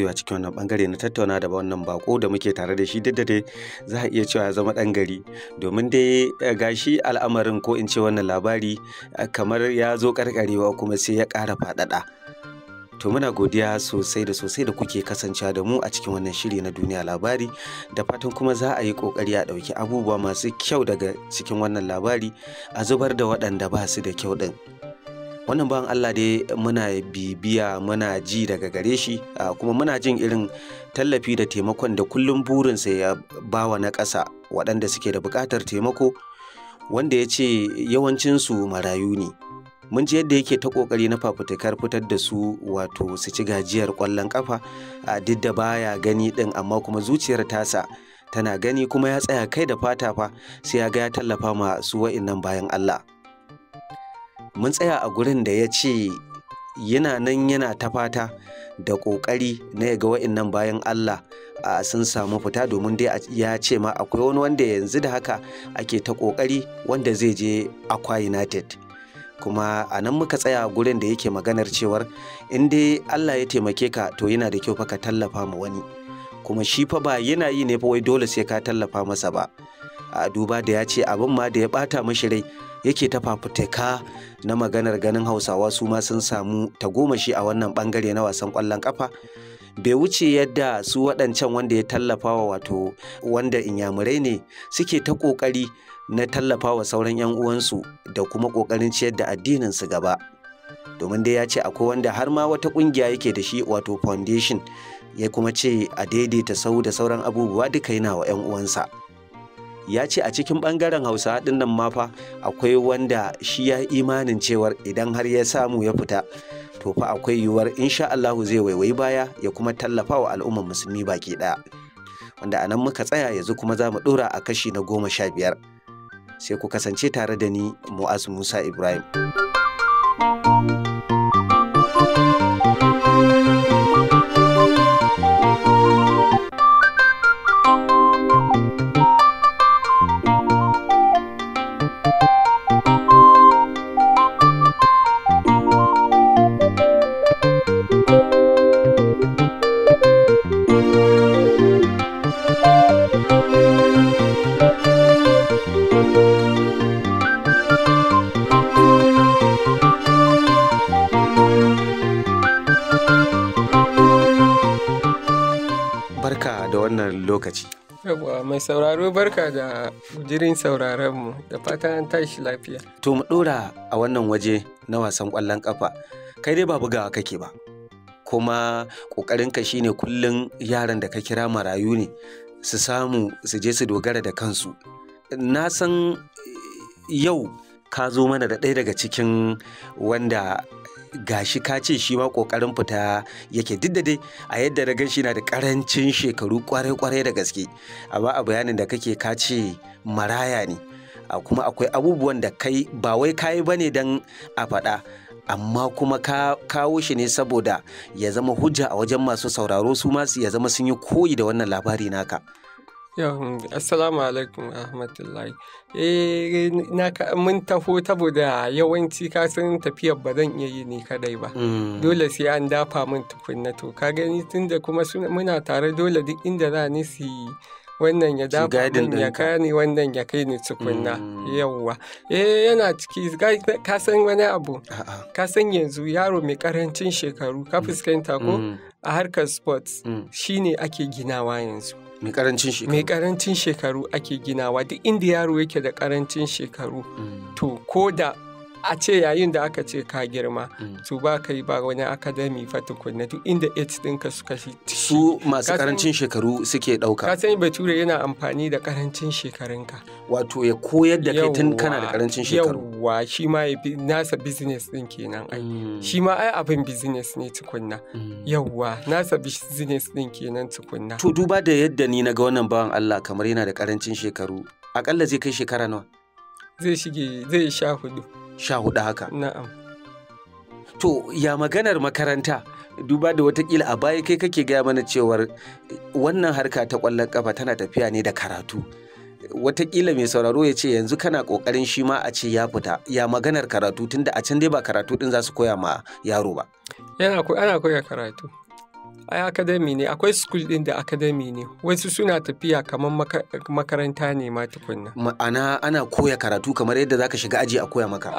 gwiwa cikin wannan bangare na tattauna da wannan bako da muke tare da shi duk da dai za a iya cewa ya zama dan gari domin dai e, gashi al'amarin ko in ce wannan labari kamar ya zo karkarewa kuma sai ya ƙara faɗaɗa to muna godiya sosai da sosai da kuke kasancewa da mu a cikin wannan shiri na duniya labari da fatan kuma za a yi kokari a ɗauki abubuwa masu kyau daga cikin wannan labari a zubar da waɗanda ba su da kyau din wannan bawan Allah dai muna bibiya muna ji daga gare shi kuma muna jin irin tallafi da taimakon da kullum burinsa ya bawa na ƙasa waɗanda suke da buƙatar taimako wanda ya ce yawancinsu marayu ne mun ji yadda yake ta kokari na fafutukar fitar da su wato su ci gajiyar ƙwallon kafa a duk da baya gani ɗin amma kuma zuciyar tasa tana gani kuma ya tsaya kai da fata fa sai ya ga ya tallafa ma su wa'innan bayan Allah mun tsaya a gurin da ya ce yana nan yana ta fata da ƙoƙari na ya ga nan bayan Allah a sun samu fita domin dai ya ce ma akwai wani wanda yanzu da haka ake ta ƙoƙari wanda zai je Akwa United. kuma a nan muka tsaya gurin da yake maganar cewar in dai Allah ya taimake ka to yana da kyau fa ka tallafa ma wani kuma shi fa ba yana yi ne fa wai dole sai ka tallafa masa ba a duba da ya ce abin ma da ya bata mashi rai yake ta fafutaka na maganar ganin hausawa su ma sun samu ta tagomashi a wannan bangare na wasan kwallon kafa bai wuce yadda su waɗancan wanda ya tallafa wa wato wanda inyamurai ne suke ta ƙoƙari na tallafa wa sauran 'yan uwansu da kuma ƙoƙarin ciyar da su gaba domin dai ya ce akwai wanda har ma wata ƙungiya yake da shi wato foundation ya kuma ce a daidaita sau da sauran abubuwa duka yana wa 'yan uwansa. ya ce a cikin ɓangaren hausa ɗin nan mafa akwai wanda shi ya imanin cewar idan har ya samu ya fita to fa akwai yiwuwar insha Allahu zai waiwayi baya ya kuma tallafa wa al'ummar musulmi baki ɗaya wanda a nan muka tsaya yanzu kuma za mu ɗora a kashi na goma sha biyar sai ku kasance tare da ni mu'az musa ibrahim sauraro barka da jirin sauraronmu da fatan an tashi lafiya. To mu ɗora a wannan waje na wasan ƙwallon ƙafa, kai dai ba bugawa kake ba, kuma ƙoƙarinka shine kullum yaran da ka kira marayu ne su samu su je su dogara da kansu. Na san yau ka zo mana da ɗaya daga cikin wanda gashi ka ce shi ma kokarin fita yake duk da dai a yadda na ganshi na da karancin shekaru kwarai kwarai da gaske amma a bayanin da kake ka ce maraya ne kuma akwai abubuwan da kai ba wai ka kayi bane don a faɗa amma kuma ka kawo shi ne saboda ya zama hujja a wajen masu sauraro su masu ya zama sun yi koyi da wannan labari naka assalamu alaikum rahmatullahi. Eh na mun taho da yawanci ka san tafiyar ba zan iya yi ni kadai ba. Mm. Dole sai an dafa mun tukunna to ka gani tunda kuma muna tare dole duk inda za ni su wannan ya dafa mun ya kani wannan ya kai ni tukunna mm. yawwa eh yana ciki ka san wani abu ka san yanzu yaro mai karancin shekaru ka mm. fuskanta ko a harkar sports shine ake ginawa yanzu mai karancin shekaru mai karancin shekaru ake ginawa duk inda yaro yake da karancin shekaru mm. to ko da a ce yayin da aka ce ka girma mm. to ba ka yi ba wani akadami fa tukunna duk inda aids ɗinka suka shi su masu karancin shekaru suke ɗauka ka sani bature yana amfani da karancin shekarunka wato ya koyar da kai tun kana da karancin shekaru yawwa shi ma ya nasa business ɗin kenan ai mm. shi ma ai abin business ne tukunna mm. yawwa nasa business ɗin kenan tukunna to duba da yadda ni na ga wannan bawan Allah kamar yana da karancin shekaru akalla zai kai shekara nawa zai shige zai sha hudu sha hudu haka na'am to ya maganar makaranta duba da watakila a baya kai kake gaya mana cewar wannan harka ta kwallon kafa tana tafiya ne da karatu watakila mai sauraro ya ce yanzu kana kokarin shi ma a ce ya fita ya maganar karatu tunda a can dai ba karatu ɗin za su koya ma yaro ba yana ana koya karatu ai Akademi ne akwai school din da Akademi ne wasu suna tafiya kamar makaranta ne ma tukunna ma'ana ana koya karatu kamar yadda zaka shiga aji a koya maka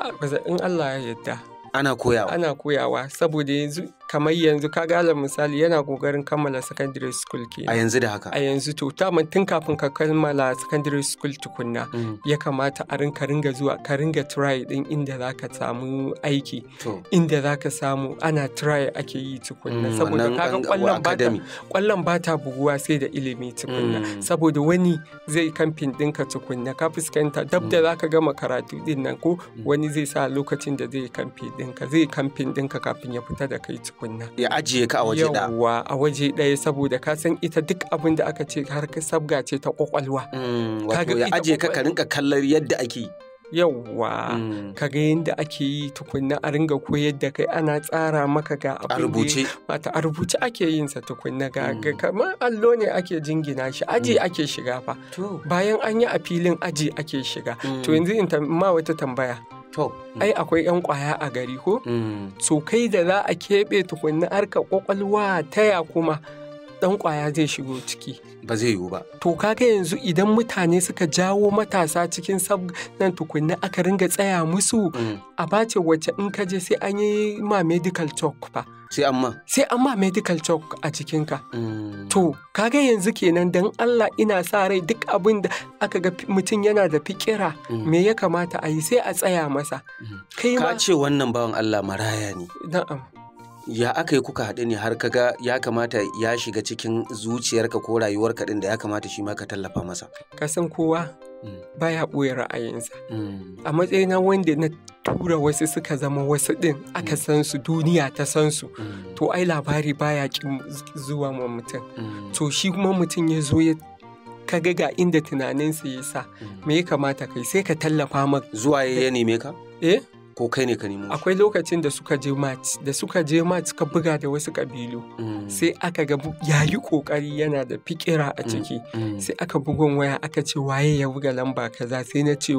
in Allah ya yarda ana koyawa ana koyawa saboda yanzu kamar yanzu ka gala misali yana kokarin kammala secondary school ke a yanzu da haka a yanzu to taman tun kafin ka kammala secondary school tukunna mm. ya kamata a rinka ringa zuwa ka ringa try din inda zaka samu aiki inda zaka samu ana try ake yi tukunna mm. saboda kaga kwallon bata kwallon bata buguwa sai da ilimi tukunna mm. saboda wani zai kamfin dinka tukunna ka fuskanta dab da mm. zaka gama karatu din nan ko mm. wani zai sa lokacin da zai kamfe ɗinka zai kamfin ɗinka kafin ya fita da kai tukunna. Ya ajiye ka a waje ɗaya. Yawwa a waje ɗaya saboda ka san ita duk abin da aka ce har ka sabga ce ta kwakwalwa. Mm, wato ya ajiye ka ka rinka kallon yadda ake. yauwa mm. kaga yadda ake yi tukunna a ringa koyar da kai ana tsara maka ga abin da mata a rubuce ake yin sa tukunna mm. ga kamar allo ne ake jingina shi aji mm. ake shiga fa bayan an yi a filin aji ake shiga to yanzu in ma wata tambaya To. Ai akwai 'yan ƙwaya a gari ko? So mm. kai da za a keɓe tukunna ƙwaƙwalwa kwakwalwa taya kuma ɗan ƙwaya zai shigo ciki. Ba zai yiwu ba. To kaga yanzu idan mutane suka jawo matasa cikin sab nan tukunna aka ringa tsaya musu mm. a bace wacce in ka je sai an yi ma medical talk ba. sai amma sai amma medical chalk a cikinka mm. to kaga yanzu kenan dan Allah ina sa rai duk abin da aka ga mutum yana da fikira mm. me ya kamata a yi sai a tsaya masa mm. ka ce wannan bawan Allah maraya ne na'am ya aka yi kuka haɗu ne har kaga ya kamata ya shiga cikin zuciyarka ko rayuwarka ɗin da ya kamata shi ma ka tallafa masa ka san kowa baya ɓoye ra'ayinsa a matsayina wanda na tura wasu suka zama wasu ɗin aka mm. san su duniya ta san su mm. to ai labari baya kin zuwa ma mutum mm. to shi kuma mutum ya zo ya kaga ga inda tunaninsa ya sa me ya kamata kai sai ka tallafa maka zuwa ya nemeka? ka eh ko kai ne ka nemo akwai lokacin da suka je mat. da suka je mat suka buga da wasu kabilu mm. sai aka ga yayi kokari yana da fikira a mm, ciki mm. sai aka bugon waya aka ce waye ya buga lamba kaza sai na ce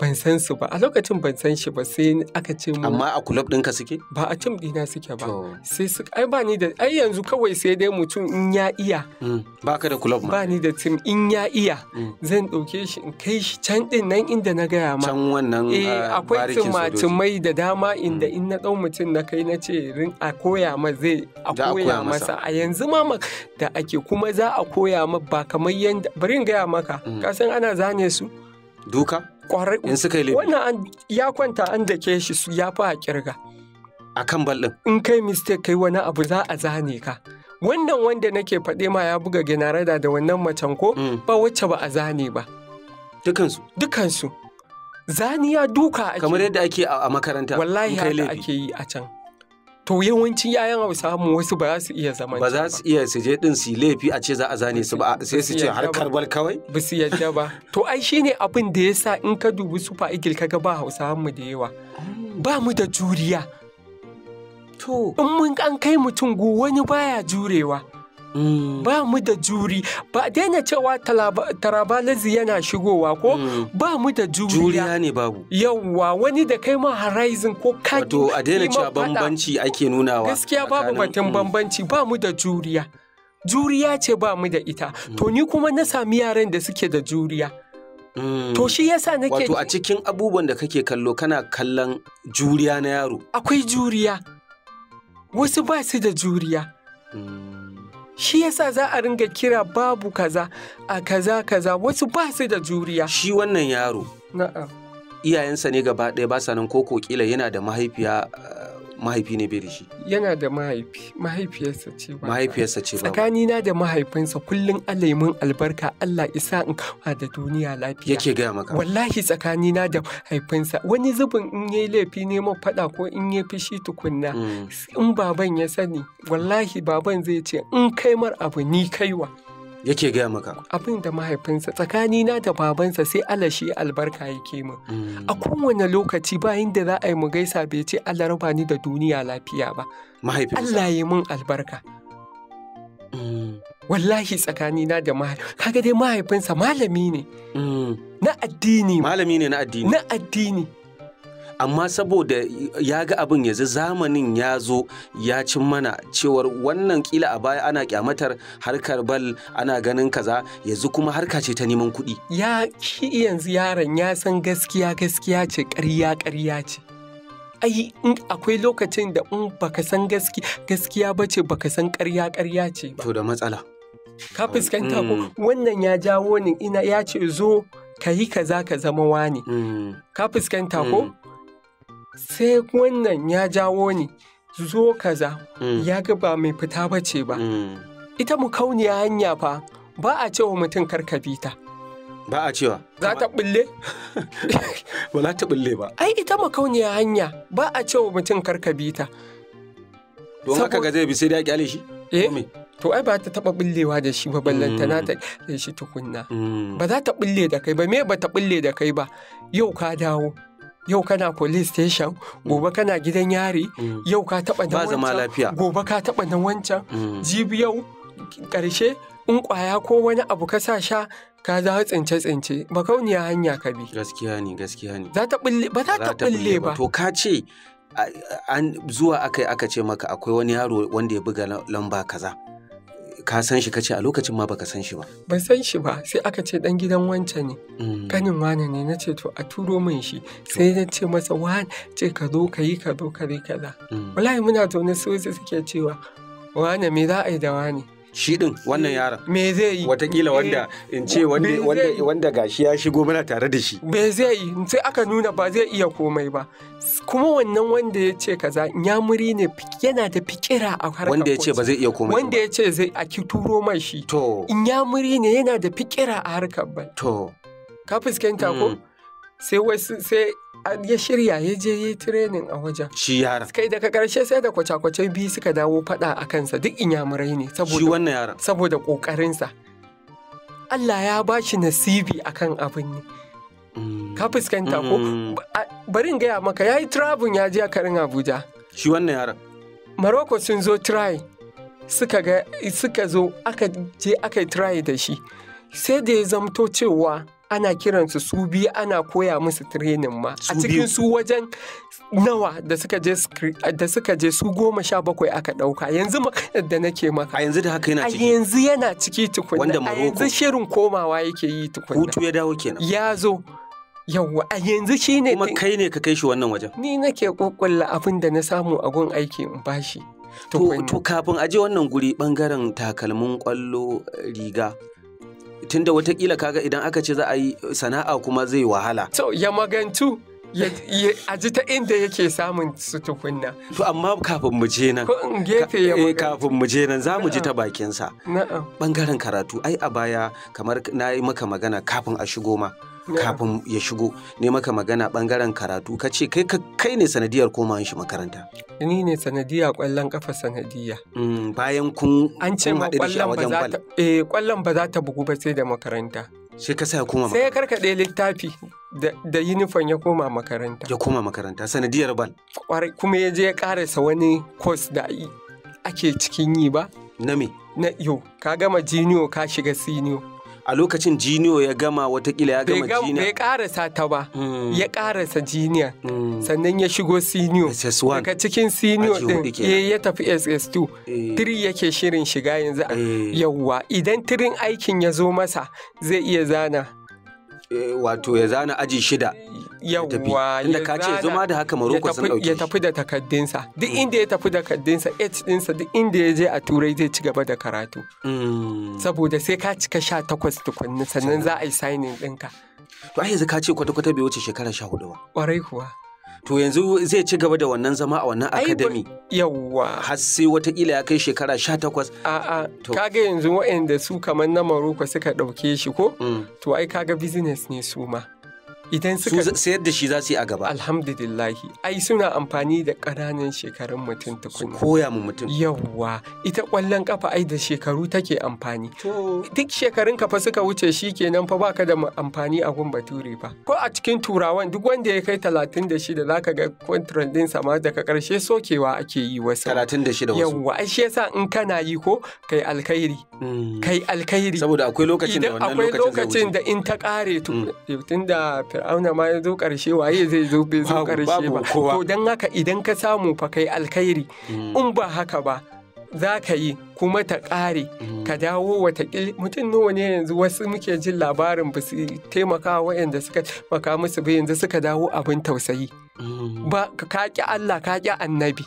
ban san su ba a lokacin ban san shi ba sai aka ce mu amma a club ɗinka suke ba a tim dina suke ba sai su ai ba ni da ai yanzu kawai sai dai mutum in ya iya mm. Ba ka da club ba ni da tim in ya iya mm. zan dauke shi in kai shi can din nan inda na gaya ma can wannan eh ah, akwai tim mai da dama inda in na ɗau mutum na kai na ce rin a koya ma zai a koya masa a yanzu ma da ake kuma za a koya ma ba kamar yanda bari in gaya maka mm. kasan ana zane su duka kwarai in suka yi wannan ya kwanta an da ke shi su ya fi a kirga A kan din in kai mistake kai wani abu za a zane ka wannan wanda nake faɗe ma ya buga genarada da wannan macen ko mm. ba wacce ba a zane ba dukansu dukansu zaniya duka ake kamar yadda ake a makaranta wallahi haka ake yi a can to yawancin yayan hausa mu wasu ba za su iya zaman ba za su iya su je din su laifi a ce za a zane su ba sai su ce har karbal kawai ba su yadda ba to ai shine abin da yasa in ka dubi super eagle kaga ba hausa mu da yawa oh. ba mu da juriya to in mun an kai mutum go wani baya jurewa Mm. ba mu da juri ba daina cewa tarabalazi yana shigowa ko mm. ba mu da juriya juriya ne babu yawwa wani da kai ma horizon ko kaki to a daina cewa bambanci ake nunawa gaskiya babu batun bambanci ba mu da juriya juriya ce ba mu da ita mm. to ni kuma na sami yaran da suke da juriya To shi yasa nake Wato a cikin abubuwan da kake kallo kana kallon juriya na yaro. Akwai juriya. Wasu ba su da juriya. Mm. shi yasa za a ringa kira babu kaza a kaza kaza wasu ba su da juriya shi wannan yaro iyayensa ne gaba ɗaya ba sa nan koko kila yana da mahaifiya mahaifi ne bai da shi yana da mahaifi mahaifiyarsa ce ba mahaifiyarsa ce ba tsakanina da mahaifinsa kullum alaimin mun albarka Allah isa in kama da duniya lafiya yake gaya maka wallahi tsakanina da mahaifinsa wani zubin in yi laifi ne ma fada ko in yi fishi tukunna mm. in baban ya sani wallahi baban zai ce in kai mar abu ni kaiwa yake gaya maka abin da mahaifinsa tsakani na da babansa sai alashi albarka yake min hmm. a kowane lokaci bayan da za a yi mu gaisa bai ce Allah ni da duniya lafiya ba mahaifinsa Allah ya min albarka hmm. wallahi tsakani na da mahaifinsa kaga dai mahaifinsa malami ne hmm. na addini malami ne na addini na addini amma saboda ya ga abin yanzu zamanin ya zo ya cin mana cewar wannan kila a baya ana kyamatar harkar bal ana ganin kaza yanzu kuma harka ce ta neman kuɗi ya ki yanzu yaron ya san gaskiya gaskiya ce ƙarya ƙarya ce ai in akwai lokacin da in baka san gaskiya ba ce baka san ƙarya ƙarya ce ba to da matsala ka fuskanta ko mm. wannan ya jawo ni ina ya ce zo ka yi kaza ka zama wani mm. ka fuskanta ko mm. sai wannan ya jawo ni zo kaza hmm. ya ga ba mai fita ba ce ba hmm. ita mu kauniya hanya fa ba a cewa mutum karkabi ta ba a cewa za ta bulle ba za ta bulle ba ai ita mu kauniya hanya ba a cewa mutum karkabi ta don haka ga zai bi sai da ya kyale shi eh to ai ba ta taba bullewa da shi ba ballanta na hmm. ta shi tukunna ba za ta bulle da kai ba me ba ta bulle da kai ba yau ka dawo yau kana police station mm. gobe kana gidan yari mm. yau ka taba na wancan gobe ka taba mm. na wancan Jib yau karshe in kwaya ko wani abu ka sa sha ka za tsince tsince ba kauniya hanya ka bi gaskiya ne gaskiya ne za ta bulle ba za ta bulle ba to ka ce zuwa aka aka ce maka akwai wani yaro wanda ya buga lamba kaza ka san shi kace a lokacin ma baka san shi ba ban san shi ba sai aka ce dan gidan wance ne kanin mm. wane ne na ce to a turo min shi sai na ce masa wane ce ka zo ka yi ka zo ka yi kaza mm. wallahi muna zaune su suke cewa wane me za a yi da wane shi din wannan yaron me zai yi watakila eh. wanda in ce wanda gashi ya shigo mana tare da shi me zai yi sai aka nuna ba zai iya komai ba kuma wannan wanda ya ce kaza nyamuri ne yana da fikira a harkar wanda ya ce ba zai iya komai wanda ya ce zai a turo mai shi to nyamuri ne yana da fikira a harkar ba to ka fuskanta ko mm. sai wasu sai ya shirya ya je yi training a wajen shi yaran kai daga karshe sai da kwace-kwace biyu suka dawo fada a kansa duk inyamurai ne saboda shi wannan saboda kokarinsa Allah ya ba shi nasibi akan abin ne mm. ka fuskanta ko mm. bari in gaya maka yayi travel ya je karin Abuja shi wannan yaran Maroko sun zo try suka ga suka zo aka je aka try da shi sai da ya zamto cewa ana kiransu su biyu ana koya musu training ma a cikin su wajen nawa da suka je su goma sha bakwai aka ɗauka yanzu da nake maka a yanzu da haka yana ciki a yanzu yana ciki wanda a yanzu shirin komawa yake yi tukun hutu ya dawo kenan ya zo yawwa a yanzu shi ne kuma kai ne ka kai shi wannan wajen ni nake kokulla abin da na samu a gun aiki in bashi to kafin aje wannan guri bangaren takalmin kwallo eh, riga tunda watakila kaga idan aka ce za a yi sana'a kuma zai wahala. To ya magantu a ji ta inda yake samun su tukunna. To amma kafin mu je nan. Ko in gefe ya eh, magana. Kafin mu je nan za mu ji ta bakinsa. Na'am. Bangaren karatu ai a baya kamar na yi maka magana kafin a shigo ma. Kafin ya shigo ne maka magana bangaren karatu ka ce kai kai ne sanadiyar komawan shi makaranta. Ni ne sanadiya kwallon kafa sanadiya. Mm, bayan kun haɗu shi a wajen bal. An ce ma kwallon eh, ba za ta bugu ba sai da makaranta. Sai ka sa ya koma makaranta. Sai ya karkaɗe littafi da yunifon ya koma makaranta. Ya koma makaranta sanadiyar bal. kuma ya je ya karasa wani kwas da ake cikin yi ba. Na me? Na yau ka gama jiniyo ka shiga siniyo. a lokacin jiniyo ya gama watakila ya gama jiniya bai karasa ta ba hmm. ya karasa jiniya hmm. sannan ya shigo SS1. daga cikin senior din eh, ya tafi ss2 tiri eh. yake shirin shiga yanzu eh. yawwa idan tirin aikin ya zo masa zai iya zana wato ya zana aji shida yawwa inda ka ce zuma da haka maroko sun dauke ya tafi da takaddinsa duk mm. inda ya tafi da takaddinsa h dinsa duk inda ya je a turai zai ci gaba da karatu mm. saboda sai ka cika sha takwas tukunna sannan za a yi signing dinka. to ai yanzu ka ce kwata-kwata bai wuce shekara sha hudu ba Kwarai kuwa to yanzu zai ci gaba da wannan zama a wannan akadami yawwa har sai watakila ya kai shekara sha takwas a'a kaga yanzu waɗanda su kamar na maroko suka ɗauke shi ko mm. to ai kaga business ne su ma idan suka su sayar da shi za su yi a gaba alhamdulillahi ai suna amfani da ƙananan shekarun mutum tukuna koya mu mutum yawwa ita ƙwallon kafa ai da shekaru take amfani duk shekarun kafa suka wuce shi kenan fa baka da amfani a gun bature fa ko a cikin turawan duk wanda ya kai talatin da shida zaka ga control din sama daga karshe sokewa ake yi wasu talatin da shida wasu yawwa ai shi yasa in kana yi ko kai alkhairi mm. kai alkhairi saboda akwai lokacin da wannan lokacin da in ta kare tun mm. da fir'auna ma ya zo ƙarshe waye zai zo bai zo ƙarshe ba to don haka idan ka samu fa kai alkhairi mm. in ba haka ba za ka yi kuma ta ƙare mm. ka dawo watakil mutum nawa ne yanzu wasu muke jin labarin ba su taimaka waɗanda suka maka musu ba yanzu suka dawo abin tausayi mm. ba ka ƙi Allah ka ƙi annabi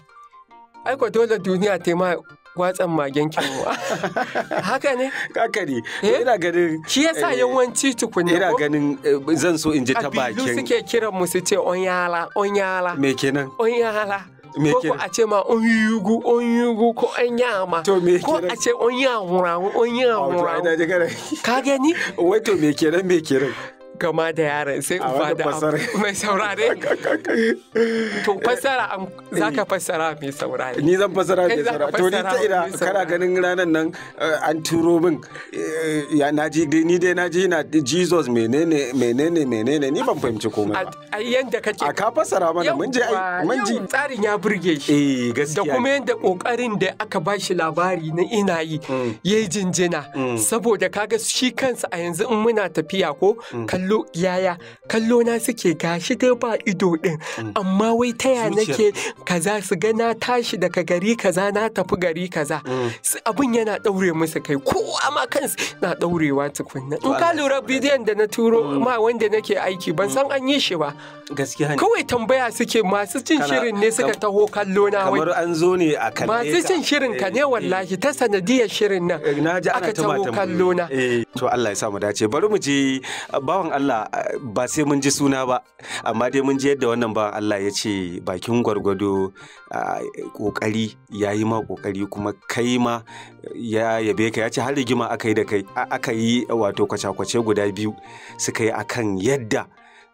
aiko dole duniya taimaka watsan magen kyanwa haka ne haka ne eh? ina ganin shi yasa eh, yawanci ko? ina ganin eh, zan so in ji ta bakin suke kiran mu su ce onyala onyala me kenan onyala me kenan? ko a ce ma on yugu on yugu ko an yama to me ko a ce on yawura on yawura ka gani wai to me kenan me kenan gama da yaran sai uba da mai saurare to fassara eh. za ka fassara mai saurare ni zan fassara mai saurare to ni ta ina kana ganin ranar nan eh, an turo min eh, ya naji ni dai naji na jesus menene menene menene ni ban fahimci komai ba a yanda kake a ka fassara mana mun je ai mun ji tsarin ya burge shi eh gaskiya da kuma yanda kokarin da aka ba shi labari na ina yi mm. yayi jinjina mm. saboda kaga shi kansa a yanzu in muna tafiya ko mm. kallon kallo yaya kallo na suke gashi dai ba ido din mm. amma wai taya nake kaza su ga na tashi daga gari kaza na tafi gari kaza mm. abin yana daure musu kai ko ma kansu na daurewa tukunna in ka lura bidiyon da na turo ma mm. wanda nake aiki ban san an yi shi ba gaskiya ne kawai tambaya suke masu cin shirin ne suka taho kallo na wai kamar an zo ne a kalle masu cin shirin ka ne eh, eh. wallahi ta sanadiyar shirin nan eh, aka taho kallo na to Allah ya sa mu dace bari mu je bawan Allah ba sai mun ji suna ba amma dai mun ji yadda wannan ba Allah ya ce bakin gwargwado kokari ya yi ma kokari kuma kai ma ya yabe ka ya ce har rigima aka yi da kai aka yi wato kwace-kwace guda biyu suka yi akan yadda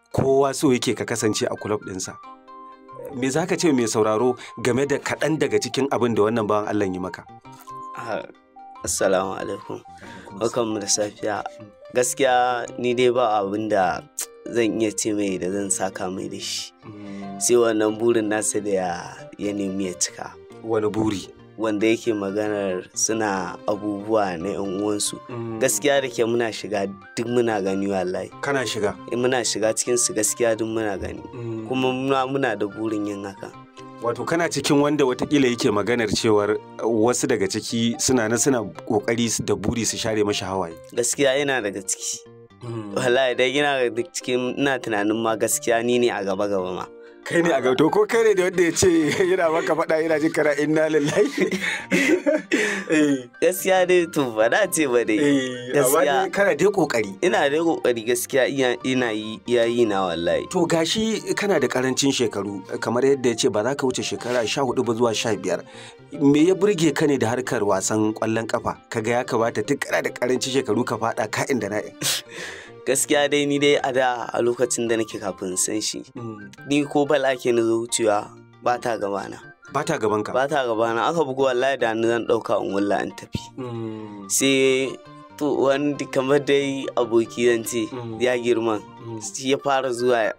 kowa so yake ka kasance a kulob ɗinsa me za ka ce mai sauraro game da kaɗan daga cikin abin da wannan bawan Allah yi maka ah, assalamu alaikum mu da safiya gaskiya ni dai ba abin da zan iya ce mai da zan saka mai da shi mm. sai wannan burin nasa da ya nemi ya cika wani buri wanda yake maganar suna abubuwa na yan uwansu mm. gaskiya da ke muna shiga duk muna gani wallahi kana shiga eh, muna shiga cikin su gaskiya duk muna gani mm. kuma muna da burin yin haka wato kana cikin wanda watakila yake maganar cewar uh, wasu daga ciki suna na suna kokari da buri su share mashi hawaye gaskiya yana daga ciki hmm. wallahi dai yana daga cikin ina tunanin ma gaskiya ni ne a gaba gaba ma kai ne a gauto ko kai ne da wanda ya ce yana maka faɗa yana jin kana inna lillahi eh, gaskiya ne to ba na ce ba dai eh, gaskiya kana dai kokari ina dai kokari gaskiya ina yi ya yi na wallahi to gashi kana da karancin shekaru kamar yadda ya ce ba za ka wuce shekara sha hudu ba zuwa sha biyar me ya burge ka ne da harkar wasan kwallon kafa kaga ya kamata tun kana da karancin shekaru ka faɗa ka da na'in gaskiya dai ni dai a da a lokacin da nake kafin san shi ni ko bala ke na zuciya ba ta gabana ba ta gaban ka ba ta gabana aka bugu wallahi da ni zan dauka in wulla in tafi mm. sai to wani kamar dai aboki zan ce mm. ya girman mm. shi ya fara zuwa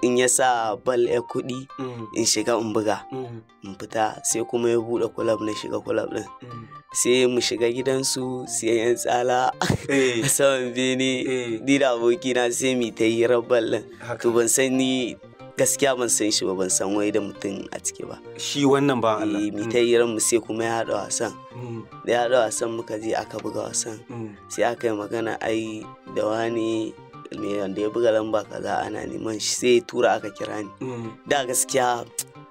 in ya sa bal ya kuɗi mm. in shiga in buga mm. in fita sai kuma ya buɗe kulab na shiga kulab ɗin mm. sai mu shiga gidansu sai yan tsala eh. a saman bene eh. ni da abokina sai mu ta yi rabbal ɗin to ban san ni gaskiya ban san shi ba ban san wai da mutum a ciki ba shi wannan ba eh, Allah mi ta yi mu sai kuma ya haɗa wasan da ya haɗa wasan muka je aka buga wasan sai aka yi magana ai da wani ne wanda ya buga lamba kaza ana neman shi sai tura aka kira ni mm. da gaskiya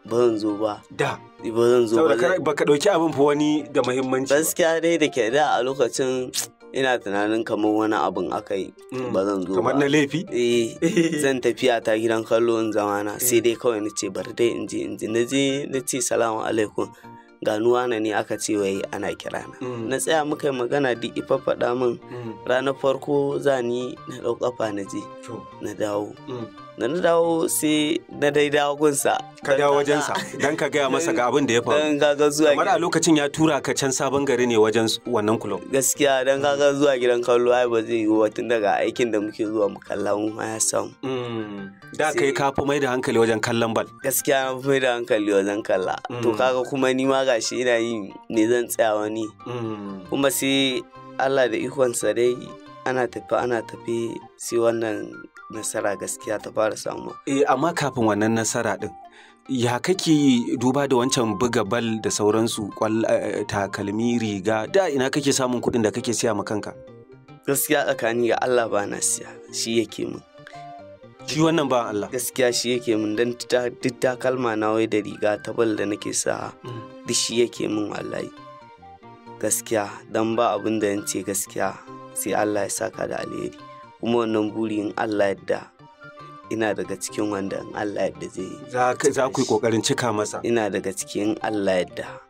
ba zan zo ba da ba zan zo ba ba ka dauki abin fa wani da muhimmanci gaskiya dai da ke da a lokacin ina tunanin kamar wani abin aka yi mm. ba zan zo kamar na laifi eh zan tafiya ta gidan kallo in zama na sai mm. dai kawai na ce bari dai in je naje nace na je na ce salamu alaikum ganuwa na ne aka ce wai ana kirana mm. na tsaya muka yi magana duk ifa faɗa min mm. ranar farko za ni na ɗau ƙafa na je na dawo mm. na dawo sai na dai dawo gunsa ka dawo wajensa dan ka gaya masa ga abin da ya faru dan kaga zuwa kamar a lokacin ya tura ka can sabon gari ne wajen wannan kulob gaskiya dan kaga zuwa gidan kallo ai ba zai yi wa tun daga aikin da muke zuwa mu kalla mu ma ya samu mm. da kai ka fi mai da hankali wajen kallon bal gaskiya na fi mai da hankali wajen kalla mm. to kaga kuma ni ma gashi ina yi ne zan tsaya wani mm. kuma sai Allah da ikonsa dai ana tafi ana tafi sai wannan nasara gaskiya ta fara samu. Eh amma kafin wannan nasara din ya kake duba da wancan buga bal da sauransu eh, eh, takalmi riga da ina kake samun kuɗin da kake siya ma kanka? Gaskiya tsakani ga Allah ba na siya shi yake mun. Shi wannan ba Allah. Gaskiya shi yake mun don duk takalma na wai da riga ta bal da nake sa mm. duk shi yake mun wallahi. Gaskiya don ba abin da yance gaskiya sai Allah ya saka da alheri. kuma wannan buri in Allah yadda ina daga cikin wanda in Allah yadda zai za ku yi kokarin cika masa ina daga cikin Allah yadda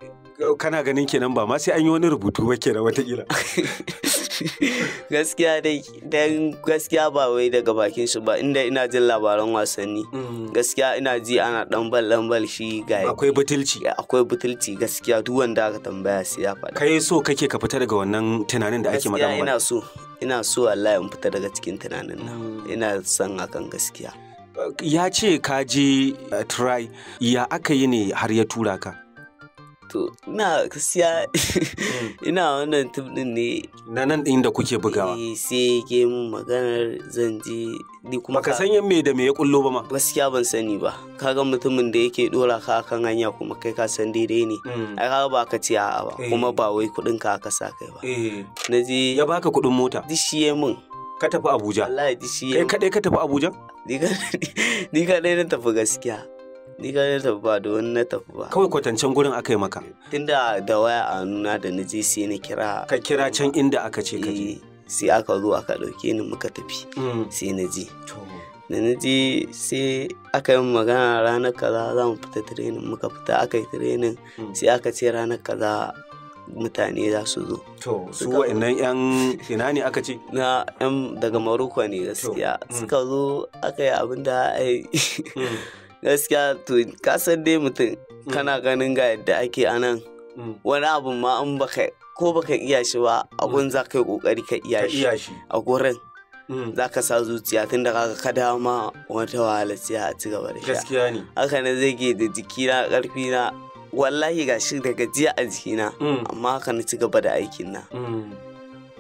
kana ganin kenan ba ma sai an yi wani rubutu ba kenan watakila gaskiya dai dan gaskiya ba wai daga bakin shi ba inda ina jin labaran wasanni mm. gaskiya ina ji ana dan bal dan bal shi ga akwai butulci akwai butulci gaskiya duk wanda aka tambaya sai ya faɗa kai so kake ka fita daga wannan tunanin da ake magana ina so ina so Allah in fita daga cikin tunanin nan mm. ina son hakan gaskiya ya ce ka je eh, try ya aka yi ne har ya tura ka to ina gaskiya hmm. ina wannan tip din ne na nan din da kuke bugawa eh, sai ke mun maganar zan je ni kuma ka san me da me ya kullo ba ma gaskiya ban sani ba kaga mutumin da yake dora ka kan hanya kuma kai ka san daidai ne hmm. ai ka ba ka ce a'a ba eh. kuma ba wai kudin ka aka sa kai ba eh. na je ya baka kudin mota shi ya mun ka tafi Abuja wallahi dishi kai kadai ka tafi Abuja ni kadai na tafi gaskiya ni ka na tafi ba da wani na tafi ba kawai kwatancen gurin aka yi maka tunda da waya a nuna da na je sai na kira ka kira can inda aka ce ka je eh, sai aka zo aka ɗauke ni muka tafi mm. sai na je da na je sai aka yi magana ranar kaza za mu fita tirenin muka fita aka yi tirenin mm. sai aka ce ranar kaza mutane za su zo. To, su wa'annan 'yan ina ne aka ce? Na 'yan daga Maroko ne gaskiya. Mm. Suka zo aka yi abin da gaskiya to ka san dai mutum mm. kana ganin ga yadda ake anan mm. wani abu ma an baka ko baka iya shi ba a mm. za ka yi kokari ka iya shi a gurin za ka sa zuciya tun da kaga ka ma wata wahala sai a ci da shi gaskiya ne haka ne zai ge da jikina karfi na wallahi shi da gajiya a jikina amma haka na ci gaba da aikin na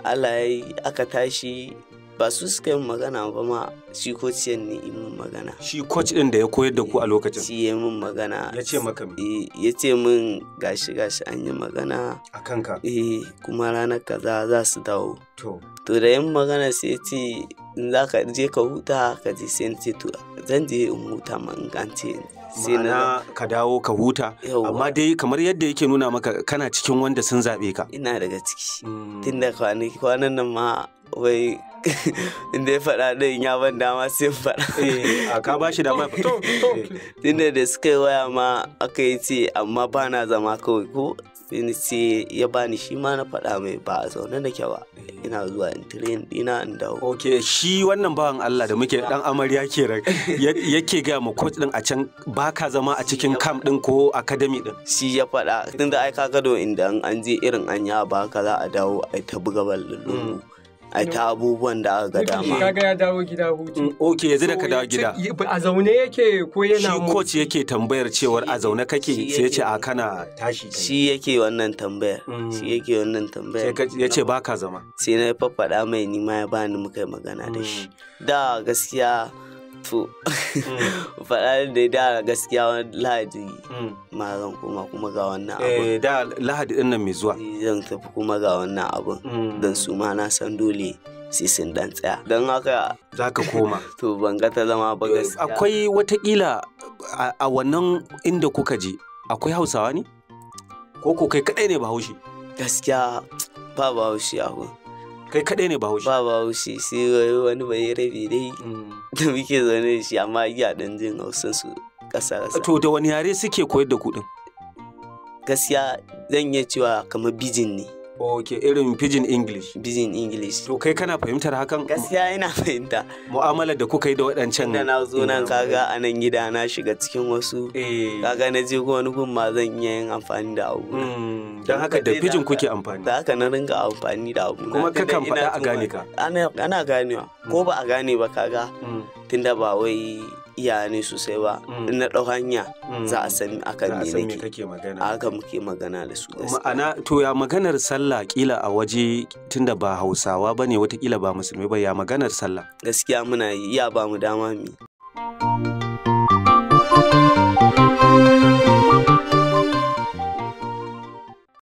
Allah ya yi aka tashi ba su suka yi magana ba ma shi kociyan ne yi min magana shi coach ɗin da ya koyar da ku a lokacin shi ya min magana ya ce maka mi? Eh, ya ce min gashi gashi an yi magana a kanka eh kuma ranar kaza za su dawo to to da yin magana sai ce in za ka je ka huta ka je sai ce to zan je in huta ma in an ce Ma'ana ka dawo ka huta amma dai kamar yadda yake nuna maka kana cikin wanda sun zaɓe ka ina daga ciki mm. tun da kwanan nan ma wai inda ya faɗa ɗin ya ban dama sai faɗa eh, a ka ba shi dama to tunda da suka yi waya ma aka yi ce amma ba na zama kawai ko sai ce ya bani shi ma na faɗa mai ba a zaune da kyawa ba ina zuwa in train dina in dawo ok shi wannan bawan Allah da muke dan amarya kenan yake gaya ma coach din a can ba ka zama a cikin camp din ko academy din shi ya faɗa tunda ai ka gado inda an je irin anya ba ka za a dawo ai ta buga bal ai ta abubuwan da aka ga dama kaga ya dawo gida hutu mm, oke yanzu da ka dawo gida a zaune yake ko yana shi coach yake tambayar cewar a zaune kake sai ce a kana tashi shi yake wannan tambayar mm. shi yake wannan tambayar sai ya ce baka zama sai na faffada mai nima ya bani muka magana da shi mm. da gaskiya to mm. faɗa da da gaskiya wani lahadi mm. ma zan koma kuma ga wannan eh, abun da lahadi ɗin nan mai zuwa eh, zan tafi kuma ga wannan abun mm. don su ma na san dole sai sun dan tsaya don haka za ka koma to ban ga ta zama ba eh, gaskiya akwai watakila a wannan inda kuka je akwai hausawa ne ko ko kai kadai ne bahaushe gaskiya ba bahaushe haushi gun kai kaɗai ne bahaushe ba bahaushe sai wani bai rabe dai mm. da muke zaune shi amma iya ɗan jin hausan su ƙasa ƙasa to da wani yare suke koyar da kuɗin gaskiya zan iya cewa kamar bijin ne ok irin pidgin english pidgin english to kai kana fahimtar hakan gaskiya ina fahimta mu'amalar da kuka yi da waɗancan da na zo nan kaga a nan gida na shiga cikin wasu eh. kaga na je ko wani ma zan iya yin amfani da abu hmm, don haka da pidgin kuke amfani da haka na ringa amfani da abu kuma kakan faɗa a gane ka ana ganewa ko ba a gane ba kaga hmm. Hmm. tunda ba wai iya ne sosai ba mm. na ɗau hanya mm. za a san akan me nake haka muke magana da su ma'ana to ya maganar sallah kila a waje tunda ba hausawa bane watakila ba musulmi ba ya maganar sallah gaskiya muna yi ya ba mu dama mi